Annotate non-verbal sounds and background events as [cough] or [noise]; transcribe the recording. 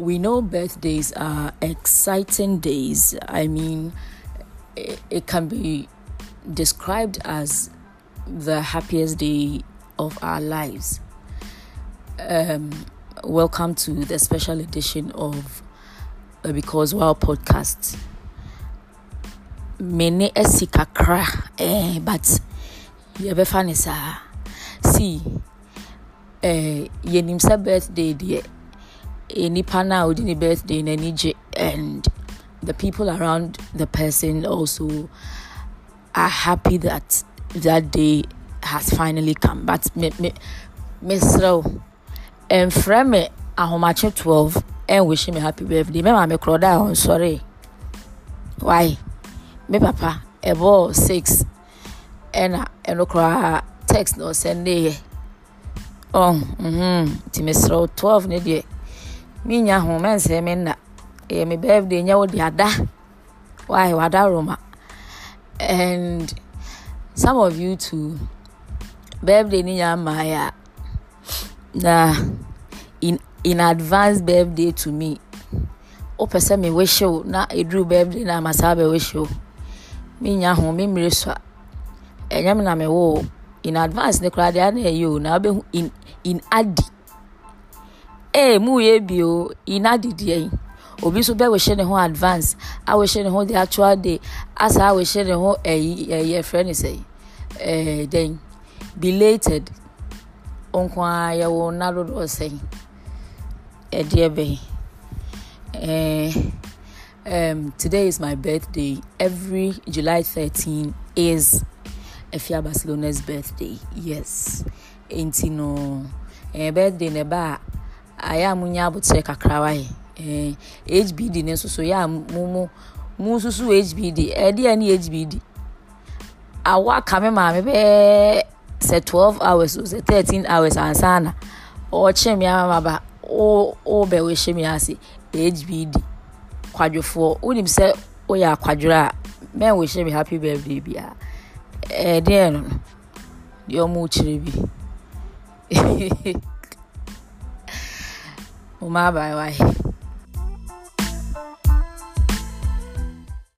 we know birthdays are exciting days. I mean, it, it can be described as the happiest day of our lives. Um, welcome to the special edition of uh, Because Wow podcast. Mene esikakra, eh, but yɛbɛfa ne saa see eh, yɛnim sɛ birthday deɛ nipa na odi ne birthday n'ani gye and the people around the person also are happy that that day has finally come but me me me, mesrɛw mfrɛ me ahomakye twelve and wish me happy birthday me maame korɔ da a ɔnsɔre why me papa ɛbɔ six ɛna ɛno koraa text na ɔsɛn ne yɛ ɔn oh, nti mm-hmm. mesrɛw twelve ne deɛ menya ho mɛnsɛn me nna ɛyɛ e, me birthday nyɛ wo de ada why wada roma and some of you too birthday ni nyɛ ama a na in in advance birthday to me wopɛ sɛ me wish wo na ɛduru e birthday na ama saa bɛ wish wo menya ho me mmiri so a ɛnyɛ e, me na me wo in advance ne koraa deɛ ana ɛyɛ o na wobɛhu in in adi ee mu yɛ bio ina didi yɛn obi nso bɛ wɔhyɛ ne ho advance a wɔhyɛ ne ho the actual day asa a wɔhyɛ ne ho ɛyi ɛyɛ fɛ ne sɛ ɛɛ dɛn belated nko ara yɛwɔ nna dodoɔ sɛn ɛdeɛ bɛn ɛɛ um, today is my birthday every july thirteen is efia barcelona's birthday yes nti no ɛɛ eh, birthday na ɛbaa. a yɛ a monya abotire kakrawa yi eh, hbd ne nso so yɛ a mo mo mo hbd ɛdeɛ ne hbd awa kame maame bɛɛ sɛ twelve hours o sɛ thirteen hours ansana ɔkye me ama ma ba o o bɛ o ehyɛ me ase hbd kwadwofoɔ wonim sɛ woyɛ akwadworɔ a mɛn wo ehyɛ me happy birthday bia ɛdeɛ eh, no deɛ ɔmo kyerɛ bi. [laughs] 我妈白歪。